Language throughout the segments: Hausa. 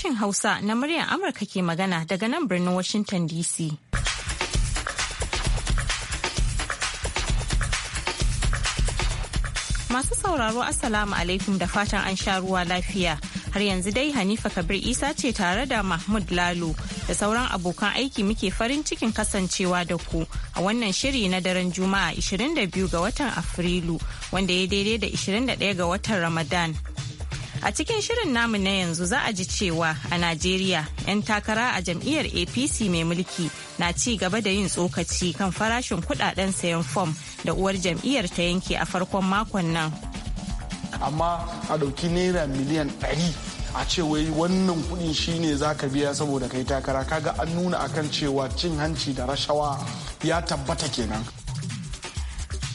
sashen Hausa na muryar Amurka ke magana daga nan birnin Washington DC. Masu sauraro Assalamu alaikum da fatan an sha ruwa lafiya. Har yanzu dai Hanifa Kabir Isa ce tare da Mahmud Lalo da sauran abokan aiki muke farin cikin kasancewa da ku a wannan shiri na daren Juma'a 22 ga watan Afrilu wanda ya daidai da 21 ga watan Ramadan. A cikin shirin namu na yanzu za a ji cewa a Najeriya 'yan takara a jam'iyyar APC mai mulki na ci gaba da yin tsokaci kan farashin kudaden sayan fom da uwar jam'iyyar ta yanke a farkon makon nan. Amma a ɗauki naira miliyan ɗari a ce wai wannan kuɗin shine za ka biya saboda kai takara kaga an nuna akan cewa cin hanci da rashawa ya tabbata kenan.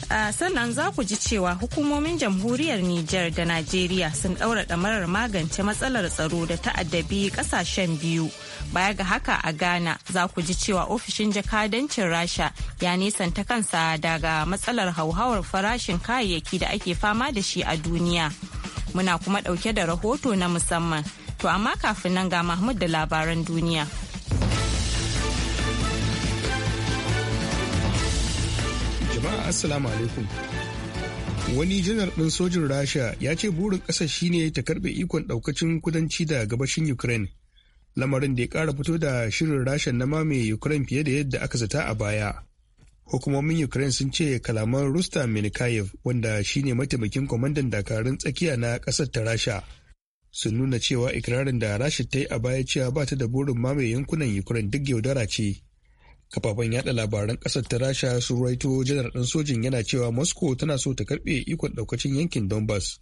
sannan za ku ji cewa hukumomin jamhuriyar Nijar da Najeriya sun ɗaura ɗamarar magance matsalar tsaro da ta'addabi ƙasashen biyu. Baya ga haka a Ghana za ku ji cewa ofishin jakadancin Rasha ya nisanta kansa daga matsalar hauhawar farashin kayayyaki da ake fama da shi a duniya. Muna kuma ɗauke da rahoto na musamman. To amma kafin nan ga Mahmud da labaran duniya. jama'a assalamu alaikum wani janar ɗin sojin rasha ya ce burin ƙasar shine ta karɓe ikon ɗaukacin kudanci da gabashin ukraine lamarin da ya ƙara fito da shirin rasha na mamaye ukraine fiye da yadda aka zata a baya hukumomin ukraine sun ce kalaman rusta minikayev wanda shine mataimakin kwamandan dakarun tsakiya na ƙasar ta rasha sun nuna cewa ikirarin da rasha ta yi a baya cewa ba ta da burin mamaye yankunan ukraine duk yaudara ce kafafen yada labaran kasar ta rasha sun raito janar dan sojin yana cewa moscow tana so ta karbe ikon daukacin yankin donbass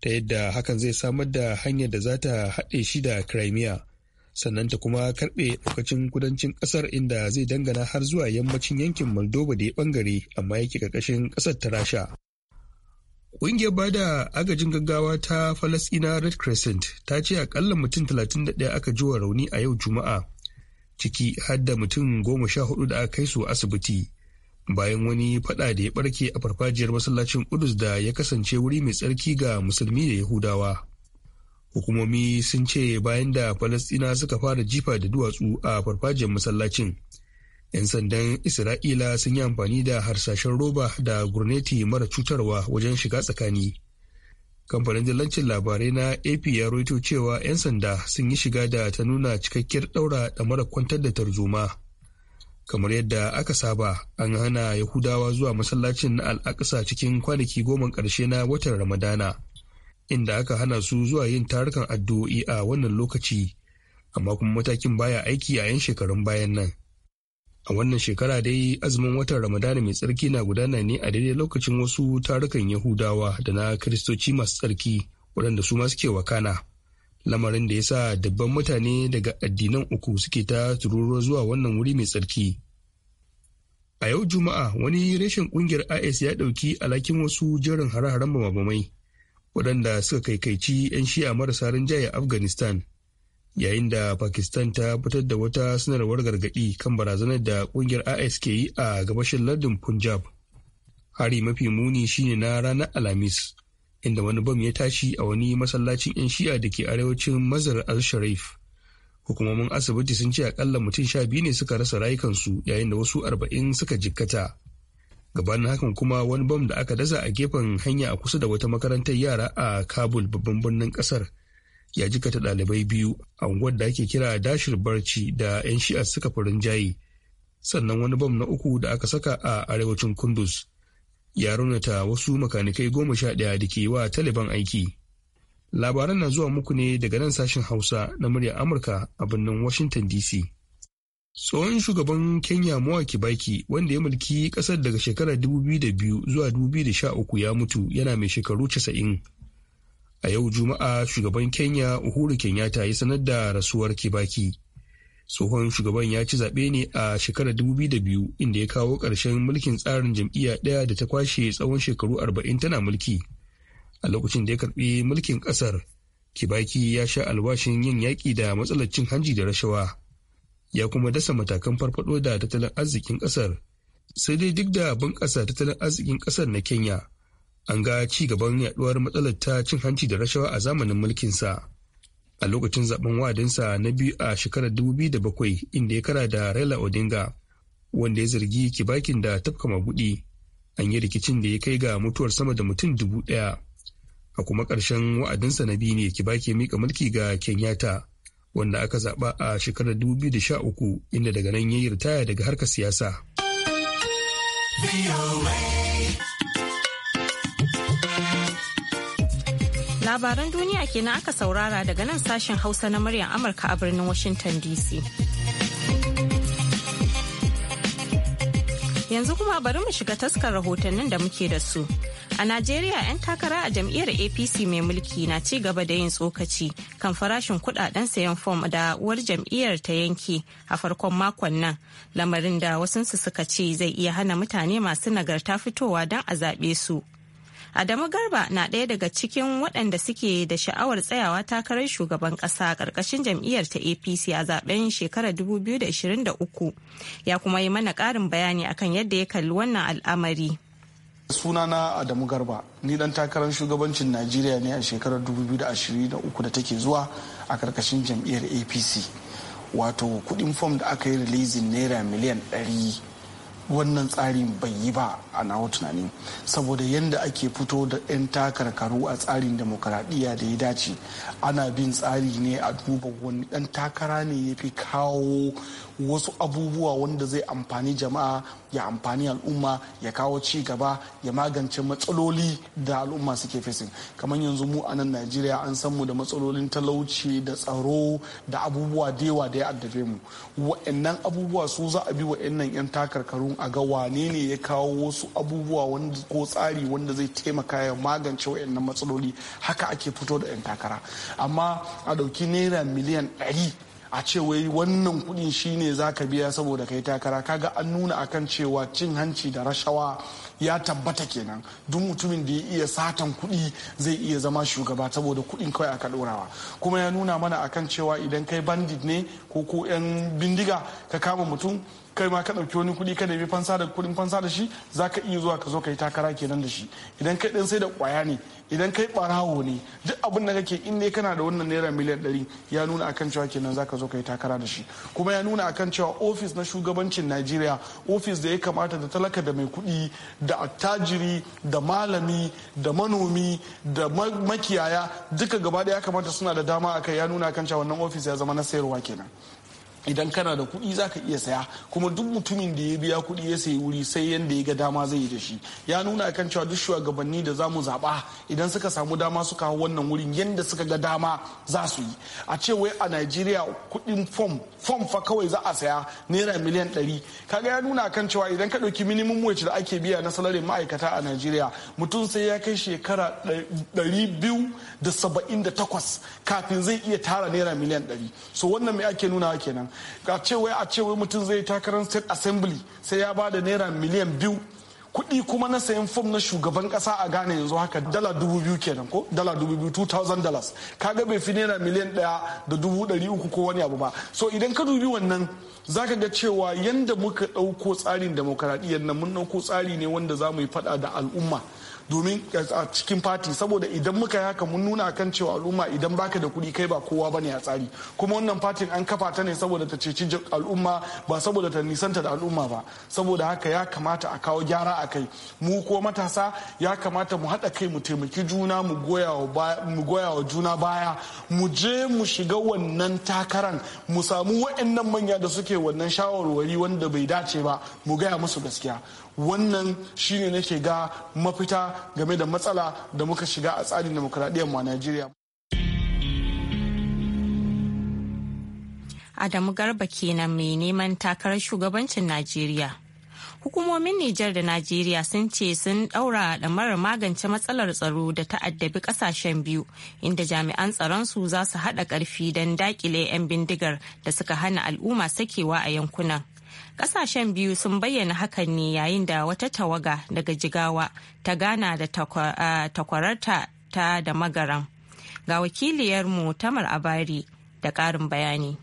ta yadda hakan zai samar da hanyar da za ta haɗe shi da crimea sannan ta kuma karbe daukacin kudancin kasar inda zai dangana har zuwa yammacin yankin moldova da ya bangare amma yake karkashin kasar ta rasha Ƙungiyar bada agajin gaggawa ta Falasina Red Crescent ta ce akalla mutum 31 aka jiwa rauni a yau Juma'a ciki har da mutum goma sha hudu da aka kai su asibiti bayan wani fada da ya barke a farfajiyar masallacin Kudus da ya kasance wuri mai tsarki ga musulmi da Yahudawa. Hukumomi sun ce bayan da Falastina suka fara jifa da duwatsu a farfajiyar masallacin. 'Yan sandan Isra'ila sun yi amfani da harsashen roba da gurneti mara cutarwa wajen shiga tsakani. kamfanin dillancin labarai na ap ya roito cewa 'yan sanda sun yi shiga da ta nuna cikakkiyar daura da mara kwantar da tarzoma kamar yadda aka saba an hana yahudawa zuwa masallacin na al'aqsa cikin kwanaki goma ƙarshe na watan ramadana inda aka hana su zuwa yin tarukan addu'o'i a wannan lokaci amma kuma matakin baya aiki a 'yan shekarun bayan nan a wannan shekara dai azumin watan ramadana mai tsarki na gudana ne a daidai lokacin wasu tarukan yahudawa da na kiristoci masu tsarki waɗanda su ma suke wakana lamarin da ya sa dabban mutane daga addinan uku suke ta tururuwa zuwa wannan wuri mai tsarki a yau juma'a wani reshen kungiyar is ya ɗauki alhakin wasu jerin hare-haren bamabamai waɗanda suka kaikaici 'yan shi'a marasa rinjaye afghanistan yayin da pakistan ta fitar da wata sanarwar gargaɗi kan barazanar da kungiyar is ke yi a gabashin lardin punjab hari mafi muni shine na ranar alhamis inda wani bam ya tashi a wani masallacin 'yan shi'a da ke arewacin mazar al-sharif hukumomin asibiti sun ce akalla mutum sha biyu ne suka rasa rayukansu yayin da wasu arba'in suka jikkata gabanin hakan kuma wani bam da aka dasa a gefen hanya a kusa da wata makarantar yara a kabul babban birnin kasar ya jikata ɗalibai biyu a unguwar da ake kira dashir barci da 'yan shi'a suka farin jayi sannan wani bam na uku da aka saka a arewacin kundus ya raunata wasu makanikai goma sha ɗaya da ke wa taliban aiki labaran na zuwa muku ne daga nan sashen hausa na muryar amurka a birnin washington dc tsohon shugaban kenya mawa kibaki wanda ya mulki ƙasar daga shekarar 2002 zuwa 2013 ya mutu yana mai shekaru 90 a yau juma'a shugaban kenya uhuru kenyatta ya sanar da rasuwar kibaki tsohon shugaban ya ci zaɓe ne a shekarar 2002 inda ya kawo ƙarshen mulkin tsarin jam'iyya ɗaya da ta kwashe tsawon shekaru arba'in tana mulki a lokacin da ya karɓi mulkin ƙasar kibaki ya sha alwashin yin yaƙi da matsalar cin hanji da rashawa ya kuma dasa matakan farfaɗo da tattalin arzikin ƙasar sai dai duk da bunƙasa tattalin arzikin ƙasar na kenya an ga ci gaban yaduwar matsalar ta cin hanci da rashawa a zamanin mulkinsa a lokacin zaben wadinsa na biyu a shekarar 2007 inda ya kara da raila odinga wanda ya zargi kibakin da tafka magudi an yi rikicin da ya kai ga mutuwar sama da mutum dubu daya a kuma ƙarshen wa'adinsa na biyu ne kibaki mika mulki ga kenyatta wanda aka zaɓa a shekarar 2013 inda daga nan ya yi ritaya daga harkar siyasa. Labaran duniya kenan aka saurara daga nan sashen Hausa na muryar Amurka a birnin Washington DC. Yanzu kuma bari mu shiga taskar rahotannin da muke da su. A Najeriya 'yan takara a jam'iyyar APC mai mulki na ci gaba da yin tsokaci kan farashin kudaden sayan fom da uwar jam'iyyar ta yanke a farkon makon nan. Lamarin da wasunsu suka ce zai iya hana mutane masu nagarta fitowa don a zaɓe su. Adamu Garba na ɗaya daga cikin waɗanda suke da sha'awar tsayawa takarar shugaban ƙasa ƙarƙashin jam'iyyar ta APC a zaben shekarar 2023. Ya kuma yi mana ƙarin bayani akan yadda ya kalli wannan al'amari. sunana adamu garba ni dan takarar shugabancin najeriya ne a shekarar 2023 da take zuwa a karkashin jam'iyyar apc wato kuɗin fom da aka yi releasing naira miliyan ɗari. wannan tsarin bai yi ba a nawa tunani saboda yadda ake fito da 'yan takarkaru a tsarin demokaradiyya da ya dace ana bin tsari ne a duba wani 'yan takara ne ya fi kawo wasu abubuwa wanda zai amfani jama'a ya amfani al'umma ya kawo ci gaba ya magance matsaloli da al'umma suke fesin kamar yanzu mu a nan najeriya an san mu da matsalolin talauci da tsaro da abubuwa da yawa da ya addabe mu wa'annan abubuwa su za a bi wa'annan 'yan takarkarun a ga wane ne ya kawo wasu abubuwa wanda ko tsari wanda zai taimaka ya magance wa'annan matsaloli haka ake fito da 'yan takara amma a ɗauki naira miliyan ɗari. a ce wai wannan kudin shine za ka biya saboda kai takara kaga an nuna akan cewa cin hanci da rashawa ya tabbata kenan duk mutumin da ya iya satan kuɗi zai iya zama shugaba saboda kuɗin kawai aka ɗorawa kuma ya nuna mana akan cewa idan kai bandit ne ko ko 'yan bindiga ka kama mutum kai ma ka ɗauki wani kuɗi ka nemi fansa da kuɗin fansa da shi za ka iya zuwa ka zo ka yi takara kenan da shi idan kai ɗan sai da ƙwaya ne idan kai ɓarawo ne duk abin da kake in ne kana da wannan naira miliyan ɗari ya nuna akan cewa kenan za ka zo ka yi takara da shi kuma ya nuna akan cewa ofis na shugabancin najeriya ofis da ya kamata da talaka da mai kuɗi da attajiri da malami da manomi da makiyaya duka gaba daya kamata suna da dama kai ya nuna kan cewa wannan ofis ya zama na sayarwa kenan idan kana da kuɗi za ka iya saya kuma duk mutumin da ya biya kuɗi ya sayi wuri sai yadda ya ga dama zai yi da shi ya nuna kan cewa duk shugabanni da za mu zaɓa idan suka samu dama suka hau wannan wurin yanda suka ga dama za su yi a ce wai a nigeria kuɗin fom fom fa kawai za a saya naira miliyan ɗari kaga ya nuna kan cewa idan ka ɗauki minimum wage da ake biya na salarin ma'aikata a nigeria mutum sai ya kai shekara ɗari biyu da saba'in da takwas kafin zai iya tara naira miliyan ɗari so wannan me ake nuna kenan ga cewa a cewa mutum zai takarar state assembly sai ya ba da naira miliyan biyu kuɗi kuma na sayan fom na shugaban ƙasa a ghana yanzu haka dala dubu biyu kenan ko dala dubu biyu two thousand dollars kaga bai fi naira miliyan ɗaya da dubu ɗari uku ko wani abu ba so idan ka dubi wannan za ka ga cewa yanda muka ɗauko tsarin demokaradiyyar nan mun ɗauko tsari ne wanda za mu yi faɗa da al'umma domin eh, a cikin fati saboda idan muka yi haka mun nuna kan cewa al'umma idan baka da kuɗi kai ba kowa ne a tsari kuma wannan fatin an kafa ta ne saboda ta ceci al'umma ba saboda ta nisanta da al'umma ba saboda haka ya kamata a kawo gyara a kai mu ko matasa ya kamata mu haɗa kai mu taimaki juna mu goya wa juna baya mu je mu shiga wannan takaran mu samu wa'annan manya da suke wannan shawarwari wanda bai dace ba mu gaya musu gaskiya wannan shine nake ga mafita game da matsala da muka shiga a tsarin demokuraɗiyyar mu najeriya Adamu Garba kenan mai neman takarar shugabancin Najeriya. Hukumomin Nijar da Najeriya sun ce sun ɗaura mara magance matsalar tsaro da ta'addabi ƙasashen biyu, inda jami'an tsaronsu za su haɗa ƙarfi don daƙile 'yan bindigar da suka hana al'umma sakewa a yankunan. Kasashen biyu sun bayyana hakan ne yayin da wata tawaga daga jigawa ta gana da takwararta ta da magaran. Ga wakiliyarmu Tamar Abari da ƙarin bayani.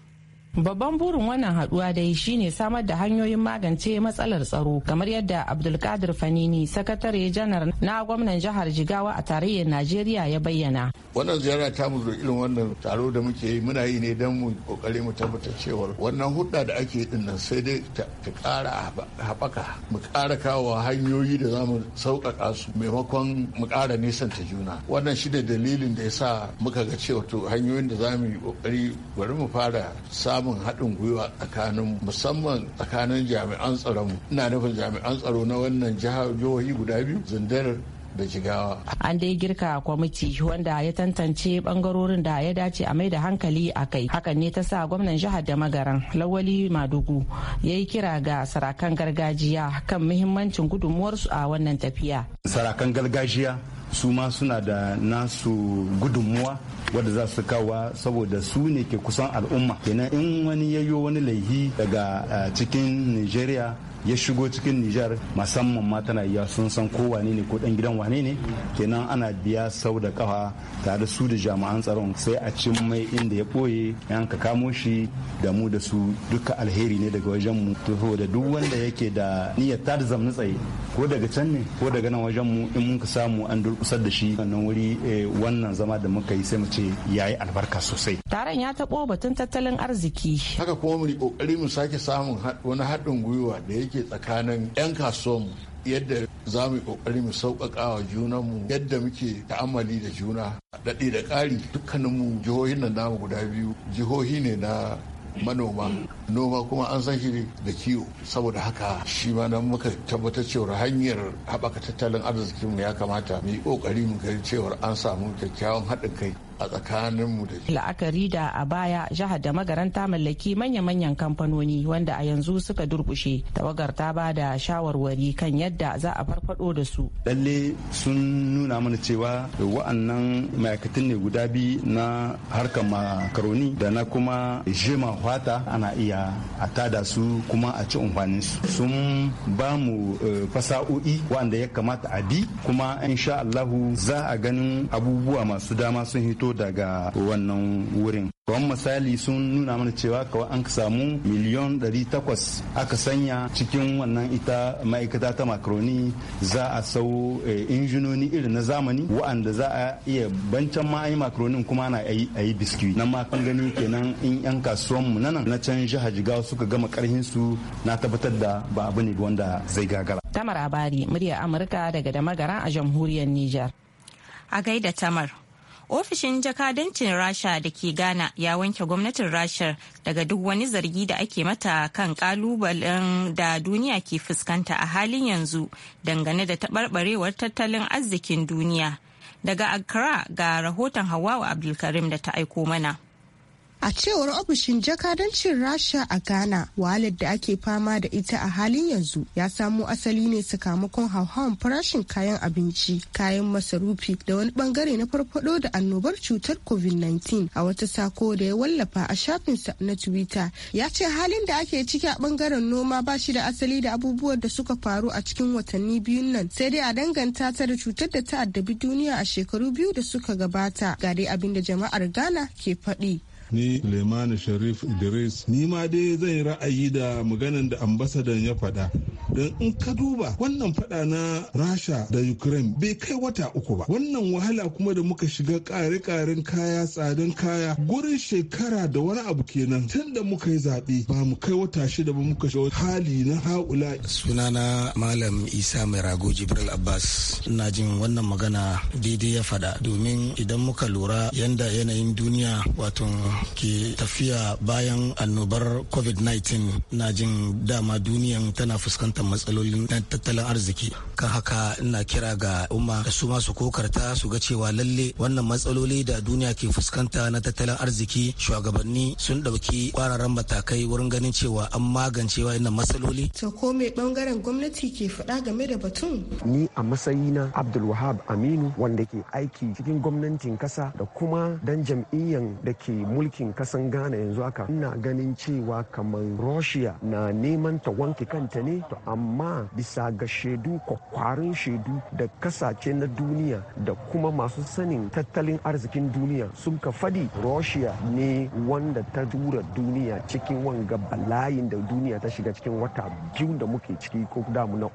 Babban burin wannan haduwa dai shine samar da hanyoyin magance matsalar tsaro kamar yadda Abdulkadir Fanini sakatare janar na gwamnan jihar Jigawa a tarayyar Najeriya ya bayyana. Wannan ziyara ta mu zo irin wannan taro da muke yi muna yi ne don mu kokari mu tabbatar cewa wannan hudda da ake din nan sai dai ta kara haɓaka mu kara kawo hanyoyi da za sauƙaƙa su maimakon mu kara nisanta juna. Wannan shi da dalilin da ya sa muka ga cewa to hanyoyin da za yi kokari bari mu fara samun samun haɗin gwiwa tsakanin musamman tsakanin jami'an tsaron ina nufin jami'an tsaro na wannan jihohi guda biyu zindar da jigawa. An dai girka kwamiti wanda ya tantance bangarorin da ya dace a mai da hankali a kai. Hakan ne ta sa gwamnan jihar da magaran Lawali Madugu ya yi kira ga sarakan gargajiya kan muhimmancin gudunmuwarsu a wannan tafiya. Sarakan gargajiya su ma suna da nasu gudunmuwa wadda za su kawa saboda su ne ke kusan al'umma kenan in wani yayo wani laihi daga eh, cikin nigeria ya shigo cikin nijar musamman ma tana iya sun san ko wane ne ko dan gidan wane ne kenan ana biya sau da kafa tare su da jami'an tsaron sai a cin mai inda ya ɓoye yan ka kamo shi da mu da su duka alheri ne daga wajen mu to da duk wanda yake da niyyar ta da tsaye ko daga can ne ko daga nan wajen mu in mun ka samu an durkusar da shi wannan wuri eh, wannan zama da muka yi sai mu ce yayi albarka sosai taron ya taɓo batun tattalin arziki haka kuma mu kokari mu sake samun wani haɗin gwiwa da yake tsakanin 'yan kasuwanmu yadda za mu yi kokari mu sauƙaƙa wa mu. yadda muke ta'amali da juna daɗe da ƙari dukkaninmu jihohin nan namu guda biyu jihohi ne na manoma noma kuma an san shi da kiwo saboda haka shi ma nan muka tabbatar cewar hanyar haɓaka tattalin arzikinmu ya kamata mu yi ƙoƙari mu ga cewar an samu kyakkyawan haɗin kai a mu da la'akari da a baya jihar da magaranta mallaki manya-manyan kamfanoni wanda a yanzu suka durkushe tawagar ta ba da shawarwari kan yadda za a farfado da su lalle sun nuna mana cewa wa'annan ma'aikatan ne guda biyu na harkar makaroni da na kuma jema fata ana iya a tada su kuma a ci amfanin su sun ba mu eh, fasa'o'i wanda ya kamata a bi kuma insha Allahu za a ganin abubuwa masu dama sun hito daga wannan wurin kawai misali sun nuna mana cewa kawai an samu miliyon 800 aka sanya cikin wannan ita ma'aikata ta makaroni za a sau eh, injinoni irin na zamani wa'anda za a iya bancan ma ayi makaronin kuma na a yi biskuit. na ma gani kenan in yan kasuwanmu mu nan na can jihar jigawa suka gama karhin su na tabbatar da ba abu ne wanda zai gagara tamar abari murya amurka daga damagara a jamhuriyar Nijar. a gaida tamar ofishin jakadancin rasha da ke ghana ya wanke gwamnatin rasha daga duk wani zargi da ake mata kan kalubalen da duniya ke fuskanta a halin yanzu dangane da tabarbarewar tattalin arzikin duniya daga accra ga rahoton hawawa abdulkarim da ta aiko mana A cewar ofishin jakadancin Rasha a Ghana, wahalar da ake fama da ita a halin yanzu ya samo asali ne sakamakon hauhawan farashin kayan abinci, kayan masarufi da wani bangare na farfado da annobar cutar COVID-19 a wata sako da ya wallafa a shafinsa na Twitter. Ya ce halin da ake ciki a bangaren noma ba shi da asali da abubuwan da suka faru a cikin watanni biyun nan, sai dai a danganta ta da cutar da ta addabi duniya a shekaru biyu da suka gabata. Ga dai abin da jama'ar Ghana ke faɗi. ni Suleimani Sharif Idris ni ma dai zan yi ra'ayi da maganan da ambasadan ya faɗa don in ka duba wannan faɗa na Rasha da Ukraine bai kai wata uku ba wannan wahala kuma da muka shiga ƙare-ƙaren kaya tsadan kaya gurin shekara da wani abu kenan tun da muka yi zaɓe ba mu kai wata shida ba muka shiga hali na haula sunana malam isa mai rago jibril abbas ina jin wannan magana daidai ya faɗa domin idan muka lura yanda yanayin duniya wato ke tafiya bayan annobar covid-19 na jin dama duniyan tana fuskantar matsalolin na tattalin arziki kan haka ina kira ga umma da su masu kokarta su ga cewa lalle wannan matsaloli da duniya ke fuskanta na tattalin arziki shugabanni sun ɗauki kwararan matakai wurin ganin cewa an magance wa'annan matsaloli. to ko me bangaren gwamnati ke faɗa game da batun. ni a matsayina abdulwahab aminu wanda ke aiki cikin gwamnatin kasa da kuma dan jam'iyyan da ke mulki mulkin kasan ghana yanzu haka ina ganin cewa kamar russia na neman ta wanke kanta ne to amma bisa ga shaidu kwakwarin shaidu da kasace na duniya da kuma masu sanin tattalin arzikin duniya sun ka fadi russia ne wanda ta dura duniya cikin wanga bala'in da duniya ta shiga cikin wata biyu da muke ciki ko damu na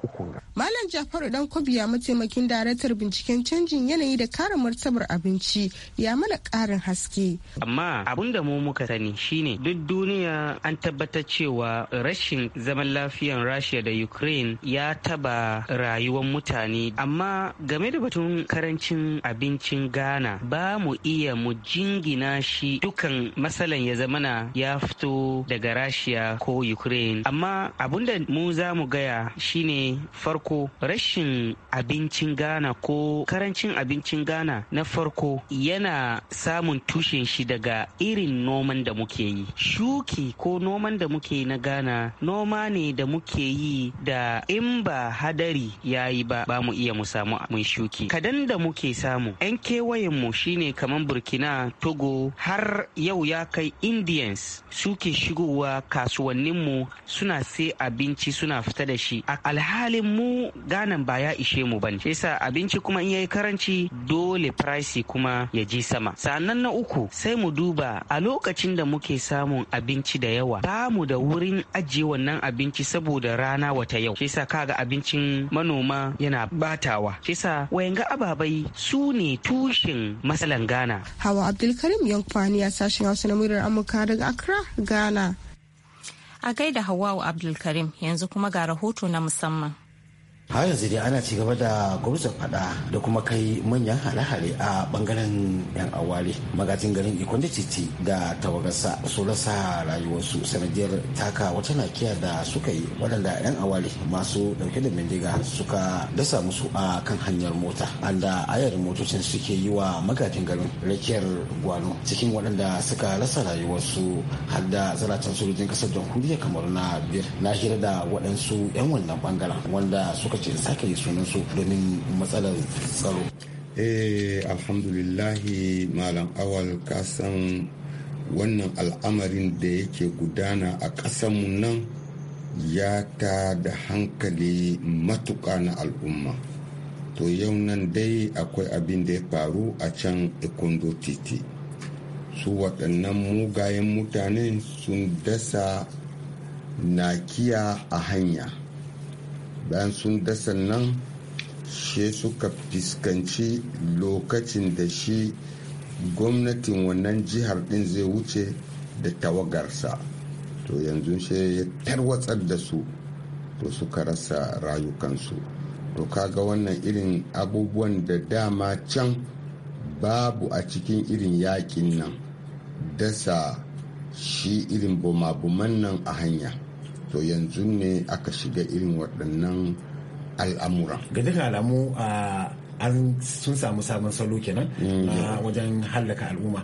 Usman Jafaru dan kwabiya mataimakin daraktar binciken canjin yanayi da kare martabar abinci ya mana karin haske. Amma abun da mu muka sani shine duk duniya an tabbatar cewa rashin zaman lafiyan Rasha da Ukraine ya taba rayuwar mutane. Amma game da batun karancin abincin Ghana ba mu iya mu jingina shi dukan matsalan ya zamana ya fito daga Rasha ko Ukraine. Amma abun da mu za mu gaya shine farko rashin abincin ghana ko karancin abincin ghana na farko yana samun tushen shi daga irin noman da muke yi shuki ko noman da muke yi na ghana noma ne da muke yi da in ba hadari ya yi ba ba mu iya mu samu mun shuki kadan da muke samu 'yan kewayenmu shine kamar burkina togo har yau ya kai indians suke shigowa kasuwanninmu suna sai abinci suna fita da shi alhalin mu ganan ba ya ishe mu bane yasa abinci kuma in yayi karanci dole price kuma ya ji sama sannan na uku sai mu duba a lokacin da muke samun abinci da yawa ba mu da wurin ajiye wannan abinci saboda rana wata yau yasa kaga abincin manoma yana batawa yasa wayanga ababai su ne tushen masalan gana hawa abdulkarim yankfani ya sashen hausa na muryar amurka daga accra ghana a gaida hawawu abdulkarim yanzu kuma ga rahoto na musamman har yanzu dai ana cigaba da gwamnatin fada da kuma kai manyan hare-hare a bangaren yan awali magajin garin da titi da tawagarsa su rasa rayuwarsu sanadiyar taka wata nakiya da suka yi waɗanda yan awali masu ɗauke da bindiga suka dasa musu a kan hanyar mota An da ayar motocin suke yi wa magajin garin rakiyar gwano cikin waɗanda suka rasa rayuwarsu har da zaratan sojojin ƙasar jamhuriyar kamaru na biyar na hira da waɗansu yan wannan bangaren wanda suka lokaci sake yi sunan su domin matsalar tsaro eh alhamdulillahi malam awal kasan wannan al'amarin da yake gudana a mu nan ya ta da hankali matuƙa na al'umma to yau nan dai akwai abin da ya faru a can ikondo titi su waɗannan mugayen mutane sun dasa nakiya a hanya bayan sun dasa nan she suka fiskanci lokacin da shi gwamnatin wannan jihar din zai wuce da tawagarsa to yanzu shi ya tarwatsar da su to suka rasa rayukansu to kaga wannan irin abubuwan da dama can babu a cikin irin yakin nan dasa shi irin boma buman nan a hanya to yanzu ne aka shiga irin waɗannan al'amuran ga duka alamu a an sun samu sabon salo kenan mm, a wajen hallaka al'umma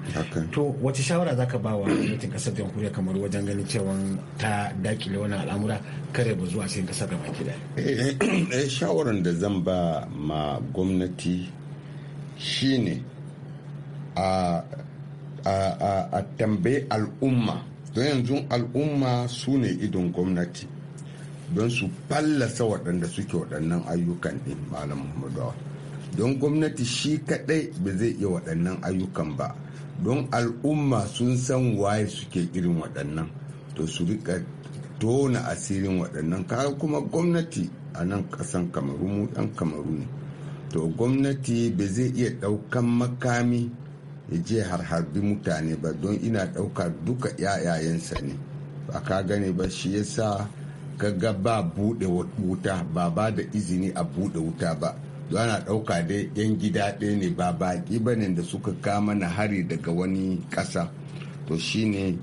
to wace shawara zaka ba wa gwamnatin kasar jamhuriya kamar wajen ganin cewa ta dakile wani al'amura kare ba zuwa cikin kasar gaba ki daya eh, eh, shawaran da zan ba ma gwamnati shine a a tambayi al'umma don yanzu al'umma su ne idon gwamnati don su fallasa waɗanda suke waɗannan ayyukan ɗin malam muhammadu don gwamnati shi kaɗai ba zai iya waɗannan ayyukan ba don al'umma sun san waye suke irin waɗannan to su rika tona asirin waɗannan kayan kuma gwamnati a nan ƙasan kamaru mu ɗan kamaru ne to gwamnati ba zai iya ɗaukan makami ya je harharbi mutane ba don ina ɗauka duka yayayensa ne ba ka gane ba shi yasa gaga ba buɗe wuta ba ba da izini a buɗe wuta ba don ana ɗauka dai yan gida ɗaya ne ba baƙi ba ne da suka kama na hari daga wani ƙasa to shine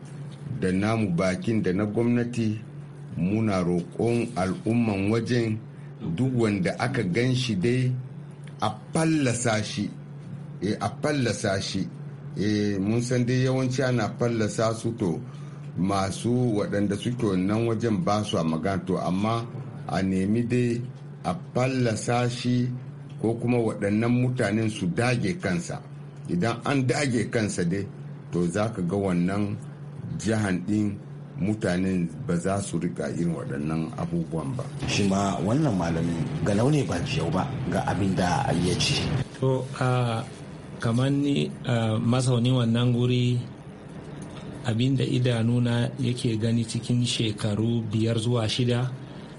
da namu bakin da na gwamnati muna roƙon al'umman wajen duk wanda aka gan shi dai a fallasa eh, a fallasa shi eh mun san dai yawanci ana fallasa su to masu waɗanda suke wannan wajen ba su a magana to amma a nemi dai a fallasa shi ko kuma waɗannan mutanen su dage kansa idan an dage kansa dai to za ka ga wannan jihan ɗin mutanen ba za su rika irin waɗannan abubuwan ba. shi ma wannan malamin ga launi ba jiyau ba ga abin da ya ce. to ah, kamar ni masaunin wannan guri abinda idanuna yake gani cikin shekaru biyar zuwa shida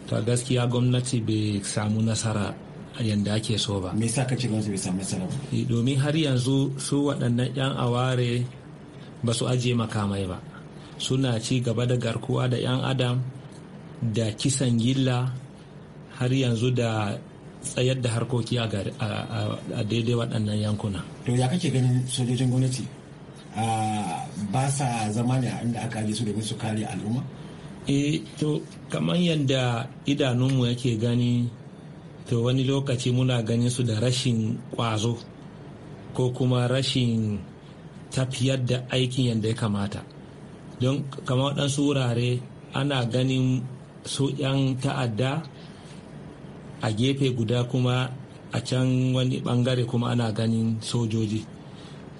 to gaskiya gwamnati bai samu nasara yadda ake so ba. Me yasa kace gwamnati bai samu nasara ba? Eh, domin har yanzu su waɗannan 'yan aware ba su ajiye makamai ba. Suna ci gaba da garkuwa da 'yan adam da kisan gilla har yanzu da tsayar da harkoki a daidai waɗannan yankuna. To ya kake ganin sojojin gwamnati ba sa zama ne a inda aka ajiye su domin su kare al'umma? E to kamar yadda idanunmu yake gani to wani lokaci muna ganin su da rashin ƙwazo ko kuma rashin tafiyar da aikin yadda ya kamata. Don kamar waɗansu wurare ana ganin su 'yan ta'adda a gefe guda kuma a can wani bangare kuma ana ganin sojoji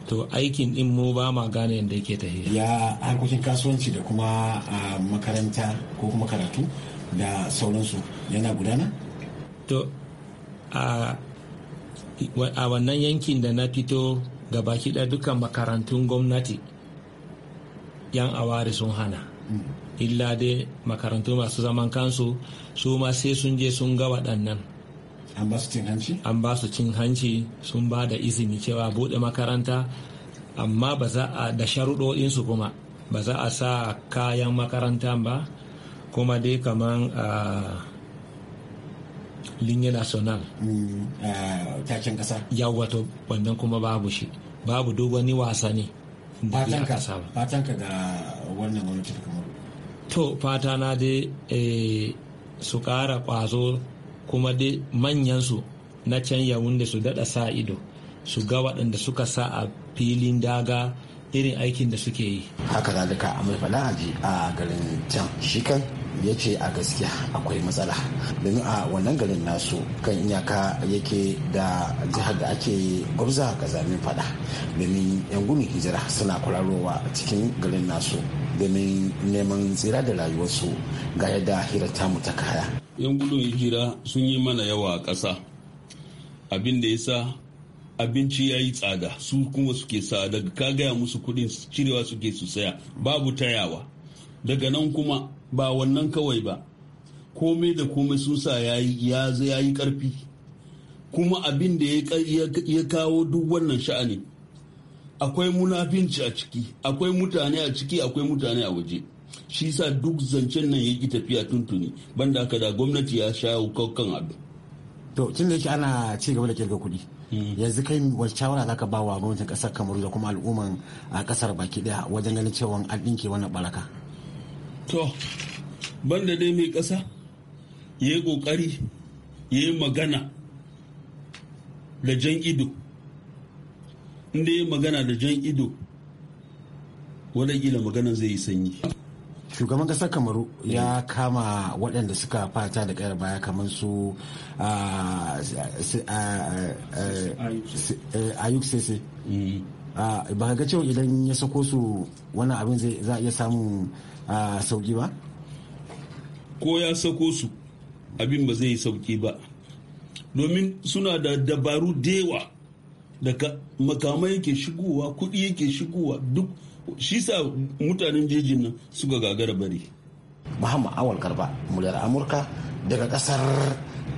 to aikin din mu ba ma gane yadda yake tafiya ya harkokin kasuwanci da kuma a makaranta ko kuma karatu da sauransu yana gudana to a wannan yankin da na fito gabaki da dukkan makarantun gwamnati yan awari sun hana illa dai makarantu masu zaman kansu su ma sai sun je sun ga waɗannan an ba su cin hanci sun ba da izini cewa buɗe makaranta amma ba za a da sharuɗoɗinsu kuma ba za a sa kayan makaranta ba kuma dai kaman a linye national mm, taken ƙasa yawwato wannan kuma babu shi babu duk wani wasa ne fatanka fatanka ga wannan kamar to fata na dai eh, su kara ƙwazo kuma dai su na can yawun da su daɗa sa ido su ga waɗanda suka sa a filin daga irin aikin da suke yi haka zalika amurfa na a garin can shi kan ya ce a gaskiya akwai matsala domin a wannan garin nasu kan iyaka yake da jihar da ake gwabza kazamin fada domin yan gudun hijira suna kwararowa cikin garin nasu domin neman tsira da rayuwarsu ga yadda hirarta mu ta kaya yan gudun hijira sun yi mana yawa a ƙasa abin da ya sa abinci ya yi tsada su kuma suke sa daga ka gaya musu kuɗin cirewa suke su saya babu tayawa daga nan kuma ba wannan kawai ba komai da komai sun sa ya yi karfi kuma abin da ya kawo duk wannan sha'ani akwai munafinci a ciki akwai mutane a ciki akwai mutane a waje shi sa duk zancen nan ya tafiya tuntuni banda haka da gwamnati ya sha kan abin to tun da yake ana ci gaba da kirga kuɗi hmm. yanzu kai wani shawara zaka ba wa gwamnatin kasar kamaru da kuma al'umman a kasar baki daya wajen ganin cewa an ɗinke wannan baraka to banda dai mai ƙasa ya yi ƙoƙari ya yi magana da jan ido inda ya magana da jan ido wadda magana zai yi sanyi shugaban kasar kamaru ya kama waɗanda suka fata da ƙayar baya kamar su ah, ah, ah, eh, eh, ayuk sese ba ga cewa idan ya sako su wani abin za a iya samun sauki ba ko ya sako su abin ba zai yi sauki ba domin suna da dabaru dewa daga makamai yake shigowa kuɗi yake shigowa duk shi sa mutanen jejin nan suka gagara bari muhammad awal garba muliyar amurka daga ƙasar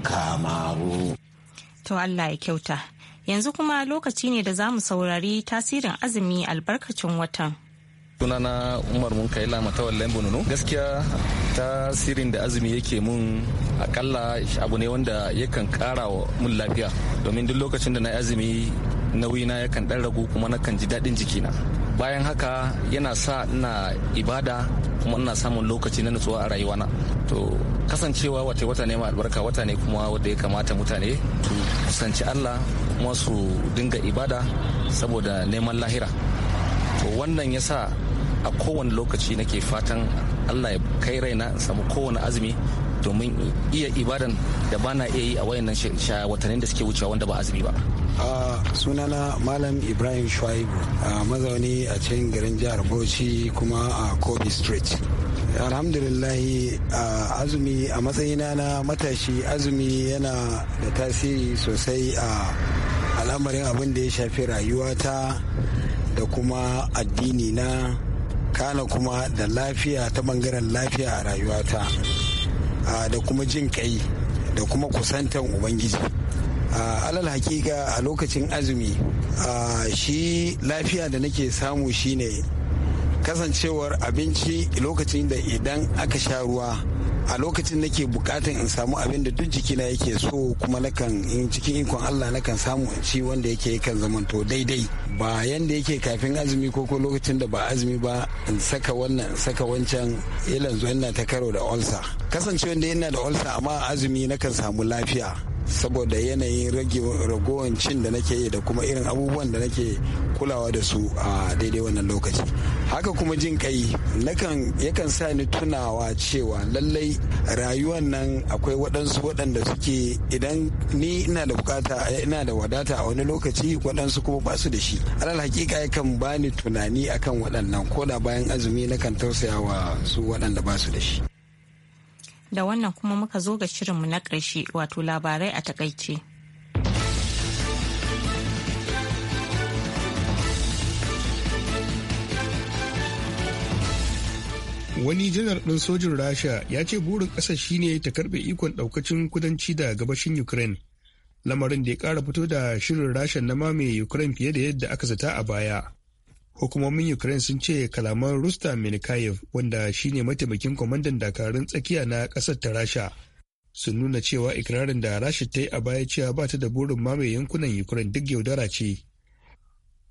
kamaru to allah ya kyauta Yanzu kuma lokaci ne da za mu saurari tasirin azumi albarkacin watan. sunana umar mun kai wallen lambununu gaskiya tasirin da azumi yake mun akalla abu ne wanda yakan kara mun lafiya domin duk lokacin da na azumi nauyina yakan dan ragu kuma kan ji daɗin jikina bayan haka yana sa ina ibada kuma ina samun lokaci na nutsuwa a rayuwana to kasancewa wata wata ne ma albarka wata ne kuma wanda ya kamata mutane su kusanci allah kuma su dinga ibada saboda neman lahira to wannan ya sa a kowane lokaci nake fatan allah ya kai raina samu kowane azumi domin iya ibadan da ba na iya yi a wayannan watannin da suke wucewa wanda ba azumi ba a sunana malam ibrahim shuaibu a mazauni a cikin garin jihar bauchi kuma a kobe street alhamdulillahi azumi a matsayina na matashi azumi yana da tasiri sosai a al'amarin abin da ya shafi rayuwata da kuma addini na kana kuma da lafiya ta bangaren lafiya a rayuwata da kuma jin kai da kuma kusantan ubangiji alal hakika a lokacin azumi shi lafiya da nake samu shine kasancewar abinci lokacin da idan aka sha ruwa a lokacin nake bukatan in samu abin da duk jikina yake so kuma nakan in cikin ikon Allah nakan samu in ci wanda yake kan zamanto daidai ba yanda yake kafin azumi ko ko lokacin da ba azumi ba in saka wannan in saka wancan ilan zuwa ina ta karo da olsa kasancewa da ina da olsa amma azumi nakan samu lafiya saboda yanayin ragowar cin da nake yi da kuma irin abubuwan da nake kulawa da su a daidai wannan lokaci haka kuma jin kai nakan yakan sa ni tunawa cewa lallai rayuwan nan akwai waɗansu waɗanda suke idan ni ina da bukata ina da wadata a wani lokaci waɗansu kuma ba su da shi alal hakika yakan bani tunani akan waɗannan ko da bayan azumi nakan tausaya wa su waɗanda ba su da shi da wannan kuma muka zo ga shirinmu na ƙarshe wato labarai a takaice. wani janar ɗin sojin rasha ya ce burin ƙasa shine ta karɓe ikon ɗaukacin kudanci da gabashin ukraine lamarin da ya ƙara fito da shirin rasha na mamaye ukraine fiye da yadda aka zata a baya hukumomin ukraine sun ce kalaman rustam minikayev wanda shine mataimakin kwamandan dakarun tsakiya na kasar ta rasha sun nuna cewa ikirarin da rasha ta yi a baya cewa ba ta da burin mamaye yankunan ukraine duk yaudara ce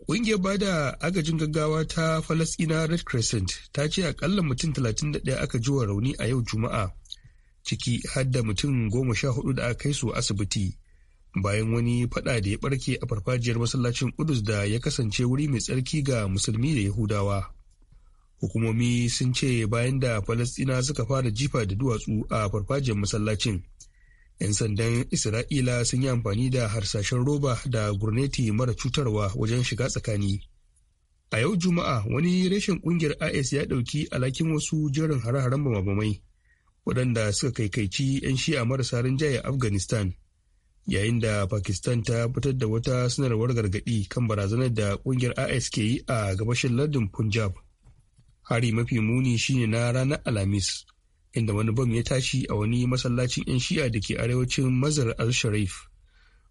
ƙungiyar ba da agajin gaggawa ta falasina red crescent ta ce akalla mutum 31 aka ji rauni a yau juma'a ciki har da mutum 14 da aka kai su asibiti bayan wani fada da ya barke a farfajiyar masallacin Kudus da ya kasance wuri mai tsarki ga musulmi da Yahudawa. Hukumomi sun ce bayan da Falastina suka fara jifa da duwatsu a farfajiyar masallacin. 'Yan sandan Isra'ila sun yi amfani da harsashen roba da gurneti mara cutarwa wajen shiga tsakani. A yau Juma'a wani reshen kungiyar IS ya ɗauki alhakin wasu jerin hare-haren bamabamai waɗanda suka kaikaici 'yan shi'a marasa rinjaye Afghanistan. yayin da pakistan ta fitar da wata sanarwar gargadi kan barazanar da kungiyar is ke yi a gabashin lardin punjab hari mafi muni shine na ranar alhamis inda wani bam ya tashi a wani masallacin 'yan shi'a da ke arewacin mazar al-sharif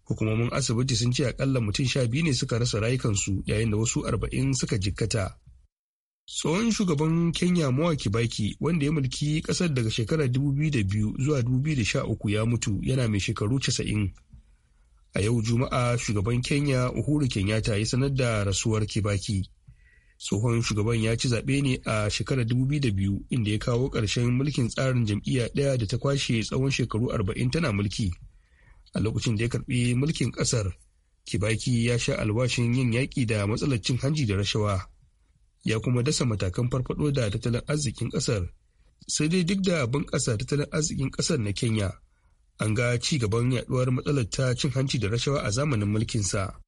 hukumomin asibiti sun ce akalla mutum sha biyu ne suka rasa rayukansu yayin da wasu arba'in suka jikkata tsohon shugaban kenya mawa kibaki wanda ya mulki kasar daga shekarar 2002 zuwa 2013 ya mutu yana mai shekaru 90 a yau juma'a shugaban kenya uhuru kenyatta ya sanar da rasuwar kibaki tsohon shugaban ya ci zaɓe ne a shekarar 2002 inda ya kawo ƙarshen mulkin tsarin jam'iyya ɗaya da ta kwashe tsawon shekaru 40 tana mulki a lokacin da ya karɓi mulkin ƙasar kibaki ya sha alwashin yin yaƙi da matsalar cin hanji da rashawa ya kuma dasa matakan farfado da tattalin arzikin kasar sai dai duk da bunƙasa tattalin arzikin kasar na kenya an ga ci gaban yaduwar matsalar ta cin hanci da rashawa a zamanin mulkinsa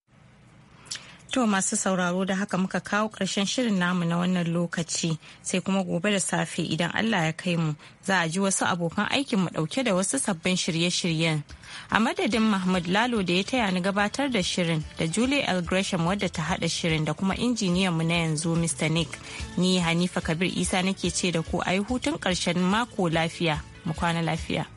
To masu sauraro da haka muka kawo ƙarshen shirin namu na wannan lokaci sai kuma gobe da safe idan Allah ya kai mu za a ji wasu abokan aikin mu ɗauke da wasu sabbin shirye-shiryen. A madadin Mahmud Lalo da ya taya ni gabatar da shirin da Julie L. Gresham wadda ta haɗa shirin da kuma injiniyan mu na yanzu Mr. Nick. Ni Hanifa Kabir Isa nake ce da ku ayi hutun karshen mako lafiya mu kwana lafiya.